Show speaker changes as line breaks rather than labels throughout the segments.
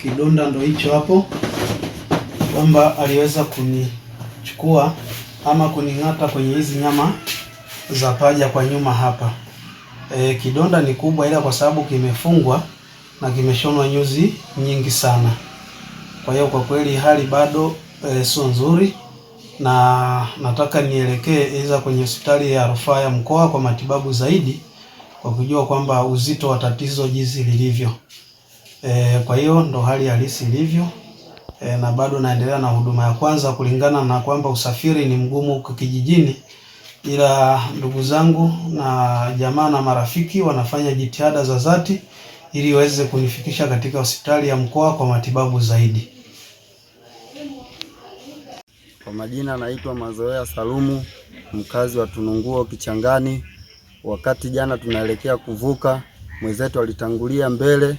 Kidonda ndo hicho hapo, kwamba aliweza kunichukua ama kuning'ata kwenye hizi nyama za paja kwa nyuma hapa. E, kidonda ni kubwa, ila kwa sababu kimefungwa na kimeshonwa nyuzi nyingi sana. Kwa hiyo kwa kweli hali bado e, sio nzuri, na nataka nielekee iza kwenye hospitali ya rufaa ya mkoa kwa matibabu zaidi, kwa kujua kwamba uzito wa tatizo jinsi lilivyo. E, kwa hiyo ndo hali halisi ilivyo. E, na bado naendelea na huduma ya kwanza kulingana na kwamba usafiri ni mgumu huko kijijini, ila ndugu zangu na jamaa na marafiki wanafanya jitihada za dhati ili waweze kunifikisha katika hospitali ya mkoa kwa matibabu zaidi. Kwa majina naitwa Mazoea Salumu, mkazi wa Tununguo Kichangani. Wakati jana tunaelekea kuvuka, mwenzetu alitangulia mbele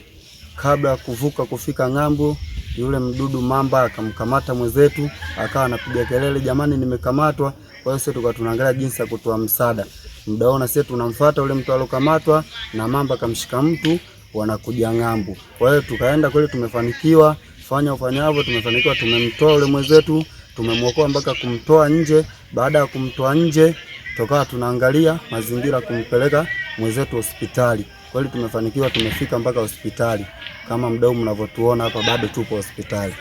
kabla ya kuvuka kufika ng'ambo, yule mdudu mamba akamkamata mwenzetu, akawa anapiga kelele, jamani, nimekamatwa. Kwa hiyo sisi tukawa tunaangalia jinsi ya kutoa msaada. Mdaona sisi tunamfuata yule mtu alokamatwa, na mamba akamshika mtu, wanakuja ng'ambo. Kwa hiyo tukaenda kweli, tumefanikiwa fanya ufanyavyo, tumefanikiwa, tumemtoa yule mwenzetu, tumemwokoa mpaka kumtoa nje. Baada ya kumtoa nje, tukawa tunaangalia mazingira kumpeleka mwenzetu hospitali. Kweli tumefanikiwa, tumefika mpaka hospitali. Kama mdau mnavyotuona hapa, bado tupo hospitali.